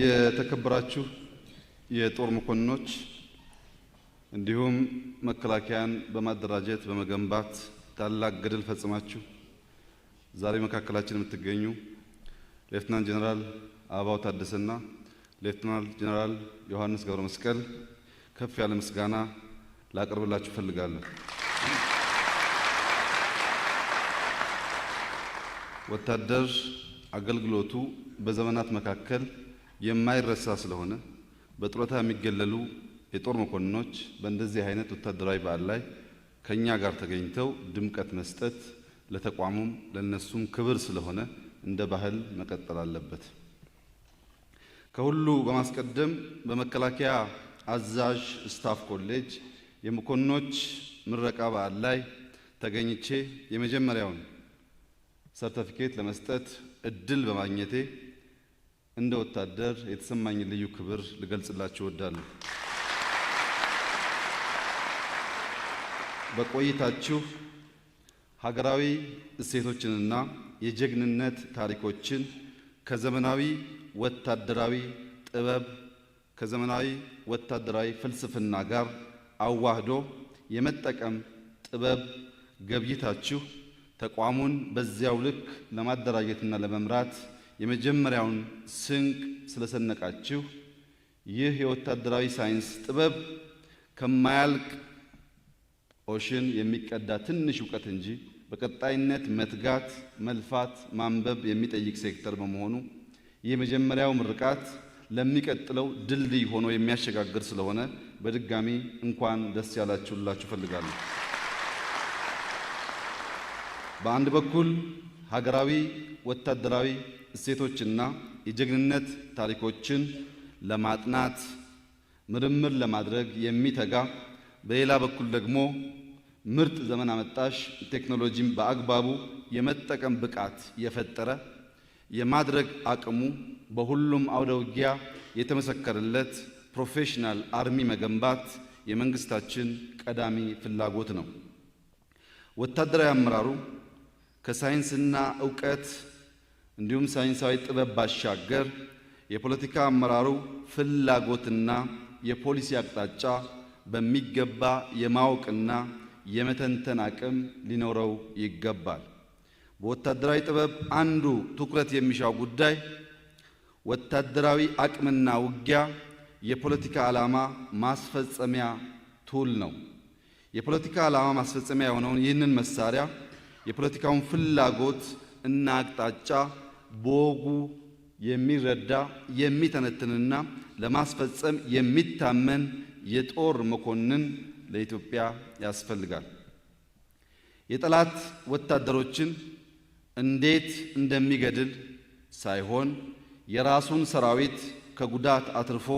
የተከበራችሁ የጦር መኮንኖች እንዲሁም መከላከያን በማደራጀት በመገንባት ታላቅ ገድል ፈጽማችሁ ዛሬ መካከላችን የምትገኙ ሌፍትናንት ጀነራል አበባው ታደሰና ሌፍትናንት ጀነራል ዮሐንስ ገብረ መስቀል ከፍ ያለ ምስጋና ላቀርብላችሁ እፈልጋለሁ። ወታደር አገልግሎቱ በዘመናት መካከል የማይረሳ ስለሆነ በጡረታ የሚገለሉ የጦር መኮንኖች በእንደዚህ አይነት ወታደራዊ በዓል ላይ ከእኛ ጋር ተገኝተው ድምቀት መስጠት ለተቋሙም ለነሱም ክብር ስለሆነ እንደ ባህል መቀጠል አለበት። ከሁሉ በማስቀደም በመከላከያ አዛዥ ስታፍ ኮሌጅ የመኮንኖች ምረቃ በዓል ላይ ተገኝቼ የመጀመሪያውን ሰርተፊኬት ለመስጠት እድል በማግኘቴ እንደ ወታደር የተሰማኝን ልዩ ክብር ልገልጽላችሁ እወዳለሁ። በቆይታችሁ ሀገራዊ እሴቶችንና የጀግንነት ታሪኮችን ከዘመናዊ ወታደራዊ ጥበብ ከዘመናዊ ወታደራዊ ፍልስፍና ጋር አዋህዶ የመጠቀም ጥበብ ገብይታችሁ ተቋሙን በዚያው ልክ ለማደራጀትና ለመምራት የመጀመሪያውን ስንቅ ስለሰነቃችሁ ይህ የወታደራዊ ሳይንስ ጥበብ ከማያልቅ ኦሽን የሚቀዳ ትንሽ እውቀት እንጂ በቀጣይነት መትጋት፣ መልፋት፣ ማንበብ የሚጠይቅ ሴክተር በመሆኑ የመጀመሪያው ምርቃት ለሚቀጥለው ድልድይ ሆኖ የሚያሸጋግር ስለሆነ በድጋሚ እንኳን ደስ ያላችሁላችሁ ፈልጋለሁ። በአንድ በኩል ሀገራዊ ወታደራዊ እሴቶችና የጀግንነት ታሪኮችን ለማጥናት ምርምር ለማድረግ የሚተጋ በሌላ በኩል ደግሞ ምርጥ ዘመን አመጣሽ ቴክኖሎጂን በአግባቡ የመጠቀም ብቃት የፈጠረ የማድረግ አቅሙ በሁሉም አውደ ውጊያ የተመሰከረለት ፕሮፌሽናል አርሚ መገንባት የመንግስታችን ቀዳሚ ፍላጎት ነው። ወታደራዊ አመራሩ ከሳይንስና እውቀት እንዲሁም ሳይንሳዊ ጥበብ ባሻገር የፖለቲካ አመራሩ ፍላጎትና የፖሊሲ አቅጣጫ በሚገባ የማወቅና የመተንተን አቅም ሊኖረው ይገባል። በወታደራዊ ጥበብ አንዱ ትኩረት የሚሻው ጉዳይ ወታደራዊ አቅምና ውጊያ የፖለቲካ ዓላማ ማስፈጸሚያ ቱል ነው። የፖለቲካ ዓላማ ማስፈጸሚያ የሆነውን ይህንን መሳሪያ የፖለቲካውን ፍላጎት እና አቅጣጫ በወጉ የሚረዳ የሚተነትንና ለማስፈጸም የሚታመን የጦር መኮንን ለኢትዮጵያ ያስፈልጋል። የጠላት ወታደሮችን እንዴት እንደሚገድል ሳይሆን የራሱን ሰራዊት ከጉዳት አትርፎ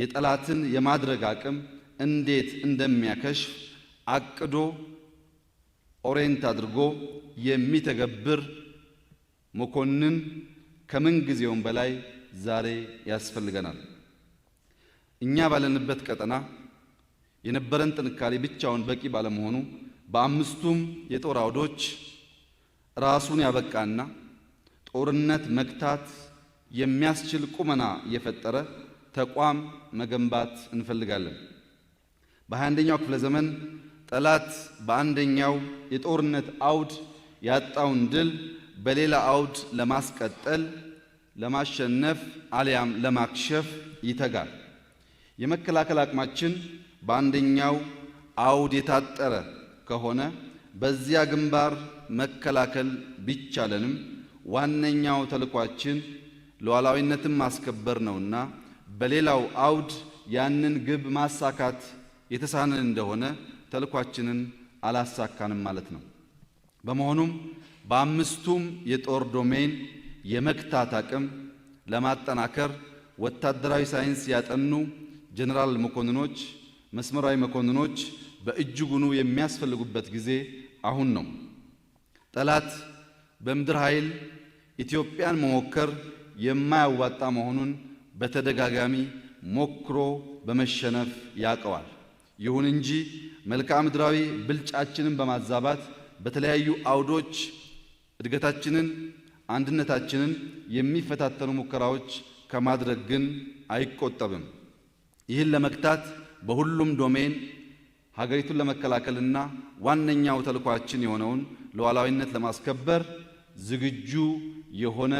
የጠላትን የማድረግ አቅም እንዴት እንደሚያከሽፍ አቅዶ ኦሬንት አድርጎ የሚተገብር መኮንን ከምን በላይ ዛሬ ያስፈልገናል። እኛ ባለንበት ቀጠና የነበረን ጥንካሬ ብቻውን በቂ ባለመሆኑ በአምስቱም የጦር አውዶች ራሱን ያበቃና ጦርነት መግታት የሚያስችል ቁመና እየፈጠረ ተቋም መገንባት እንፈልጋለን። 21 ክፍለ ዘመን ጠላት በአንደኛው የጦርነት አውድ ያጣውን ድል በሌላ አውድ ለማስቀጠል ለማሸነፍ አሊያም ለማክሸፍ ይተጋል። የመከላከል አቅማችን በአንደኛው አውድ የታጠረ ከሆነ በዚያ ግንባር መከላከል ቢቻለንም ዋነኛው ተልኳችን ሉዓላዊነትን ማስከበር ነውና በሌላው አውድ ያንን ግብ ማሳካት የተሳነን እንደሆነ ተልኳችንን አላሳካንም ማለት ነው። በመሆኑም በአምስቱም የጦር ዶሜን የመክታት አቅም ለማጠናከር ወታደራዊ ሳይንስ ያጠኑ ጀኔራል መኮንኖች፣ መስመራዊ መኮንኖች በእጅጉኑ የሚያስፈልጉበት ጊዜ አሁን ነው። ጠላት በምድር ኃይል ኢትዮጵያን መሞከር የማያዋጣ መሆኑን በተደጋጋሚ ሞክሮ በመሸነፍ ያውቀዋል። ይሁን እንጂ መልክዓ ምድራዊ ብልጫችንን በማዛባት በተለያዩ አውዶች እድገታችንን፣ አንድነታችንን የሚፈታተኑ ሙከራዎች ከማድረግ ግን አይቆጠብም። ይህን ለመግታት በሁሉም ዶሜን ሀገሪቱን ለመከላከልና ዋነኛው ተልኳችን የሆነውን ሉዓላዊነት ለማስከበር ዝግጁ የሆነ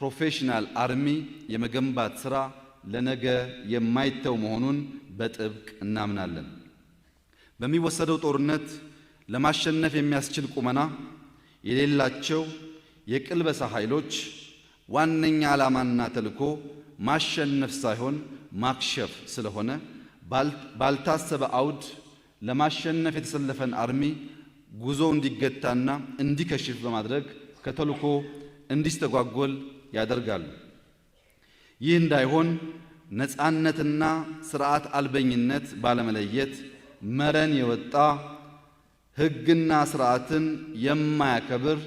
ፕሮፌሽናል አርሚ የመገንባት ስራ ለነገ የማይተው መሆኑን በጥብቅ እናምናለን። በሚወሰደው ጦርነት ለማሸነፍ የሚያስችል ቁመና የሌላቸው የቅልበሳ ኃይሎች ዋነኛ ዓላማና ተልኮ ማሸነፍ ሳይሆን ማክሸፍ ስለሆነ ባልታሰበ አውድ ለማሸነፍ የተሰለፈን አርሚ ጉዞ እንዲገታና እንዲከሽፍ በማድረግ ከተልኮ እንዲስተጓጎል ያደርጋሉ። ይህ እንዳይሆን ነፃነትና ስርዓት አልበኝነት ባለመለየት መረን የወጣ ሕግና ስርዓትን የማያከብር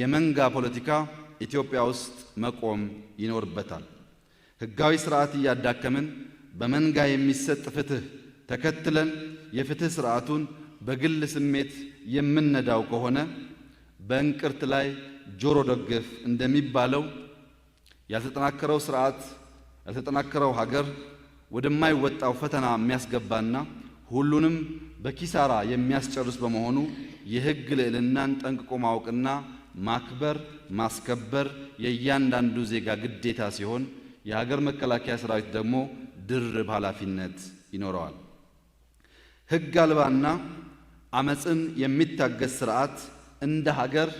የመንጋ ፖለቲካ ኢትዮጵያ ውስጥ መቆም ይኖርበታል። ሕጋዊ ስርዓት እያዳከምን በመንጋ የሚሰጥ ፍትህ ተከትለን የፍትህ ስርዓቱን በግል ስሜት የምንነዳው ከሆነ በእንቅርት ላይ ጆሮ ደግፍ እንደሚባለው ያልተጠናከረው ስርዓት ያልተጠናከረው ሀገር ወደማይወጣው ፈተና የሚያስገባና ሁሉንም በኪሳራ የሚያስጨርስ በመሆኑ የሕግ ልዕልናን ጠንቅቆ ማወቅና ማክበር ማስከበር የእያንዳንዱ ዜጋ ግዴታ ሲሆን የሀገር መከላከያ ሰራዊት ደግሞ ድርብ ኃላፊነት ይኖረዋል። ሕግ አልባና አመፅን የሚታገስ ስርዓት እንደ ሀገር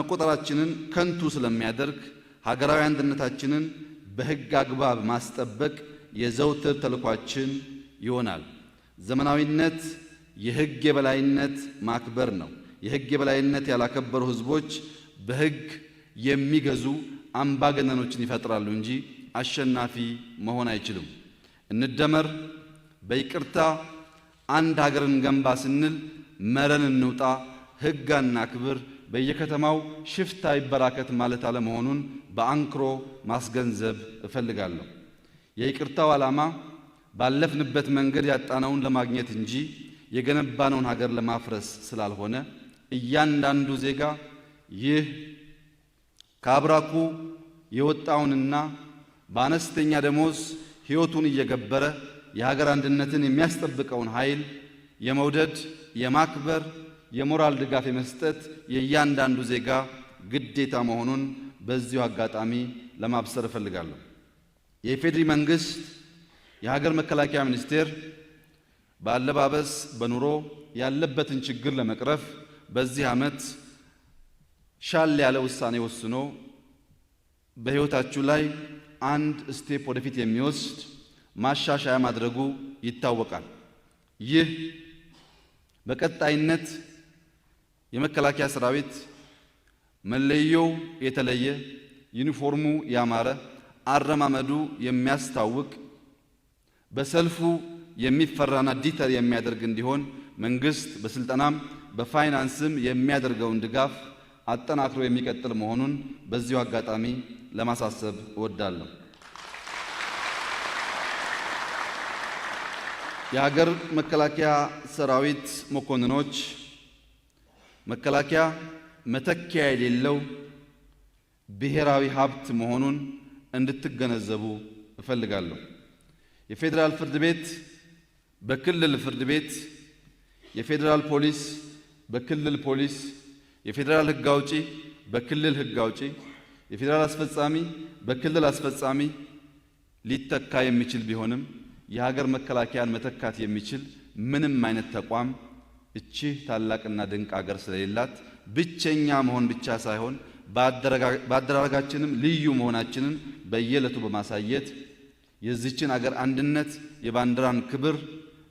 መቆጠራችንን ከንቱ ስለሚያደርግ ሀገራዊ አንድነታችንን በሕግ አግባብ ማስጠበቅ የዘውትር ተልኳችን ይሆናል። ዘመናዊነት የህግ የበላይነት ማክበር ነው። የህግ የበላይነት ያላከበሩ ህዝቦች በህግ የሚገዙ አምባገነኖችን ይፈጥራሉ እንጂ አሸናፊ መሆን አይችሉም። እንደመር፣ በይቅርታ አንድ ሀገርን ገንባ ስንል መረን እንውጣ፣ ህግ አናክብር፣ በየከተማው ሽፍታ ይበራከት ማለት አለመሆኑን በአንክሮ ማስገንዘብ እፈልጋለሁ። የይቅርታው ዓላማ ባለፍንበት መንገድ ያጣነውን ለማግኘት እንጂ የገነባነውን ሀገር ለማፍረስ ስላልሆነ እያንዳንዱ ዜጋ ይህ ከአብራኩ የወጣውንና በአነስተኛ ደሞዝ ሕይወቱን እየገበረ የሀገር አንድነትን የሚያስጠብቀውን ኃይል የመውደድ፣ የማክበር፣ የሞራል ድጋፍ የመስጠት የእያንዳንዱ ዜጋ ግዴታ መሆኑን በዚሁ አጋጣሚ ለማብሰር እፈልጋለሁ። የኢፌዴሪ መንግስት የሀገር መከላከያ ሚኒስቴር በአለባበስ በኑሮ ያለበትን ችግር ለመቅረፍ በዚህ ዓመት ሻል ያለ ውሳኔ ወስኖ በሕይወታችሁ ላይ አንድ ስቴፕ ወደፊት የሚወስድ ማሻሻያ ማድረጉ ይታወቃል። ይህ በቀጣይነት የመከላከያ ሰራዊት መለዮው የተለየ ዩኒፎርሙ ያማረ አረማመዱ የሚያስታውቅ በሰልፉ የሚፈራና ዲተር የሚያደርግ እንዲሆን መንግስት በስልጠናም በፋይናንስም የሚያደርገውን ድጋፍ አጠናክሮ የሚቀጥል መሆኑን በዚሁ አጋጣሚ ለማሳሰብ እወዳለሁ። የሀገር መከላከያ ሰራዊት መኮንኖች መከላከያ መተኪያ የሌለው ብሔራዊ ሀብት መሆኑን እንድትገነዘቡ እፈልጋለሁ። የፌዴራል ፍርድ ቤት በክልል ፍርድ ቤት፣ የፌዴራል ፖሊስ በክልል ፖሊስ፣ የፌዴራል ሕግ አውጪ በክልል ሕግ አውጪ፣ የፌዴራል አስፈጻሚ በክልል አስፈጻሚ ሊተካ የሚችል ቢሆንም የሀገር መከላከያን መተካት የሚችል ምንም አይነት ተቋም እቺህ ታላቅና ድንቅ ሀገር ስለሌላት ብቸኛ መሆን ብቻ ሳይሆን በአደራረጋችንም ልዩ መሆናችንን በየዕለቱ በማሳየት የዚችን አገር አንድነት የባንዲራን ክብር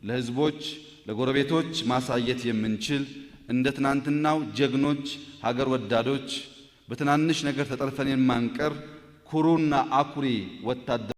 ለህዝቦች ለጎረቤቶች ማሳየት የምንችል እንደ ትናንትናው ጀግኖች ሀገር ወዳዶች በትናንሽ ነገር ተጠርፈን የማንቀር ኩሩና አኩሪ ወታደ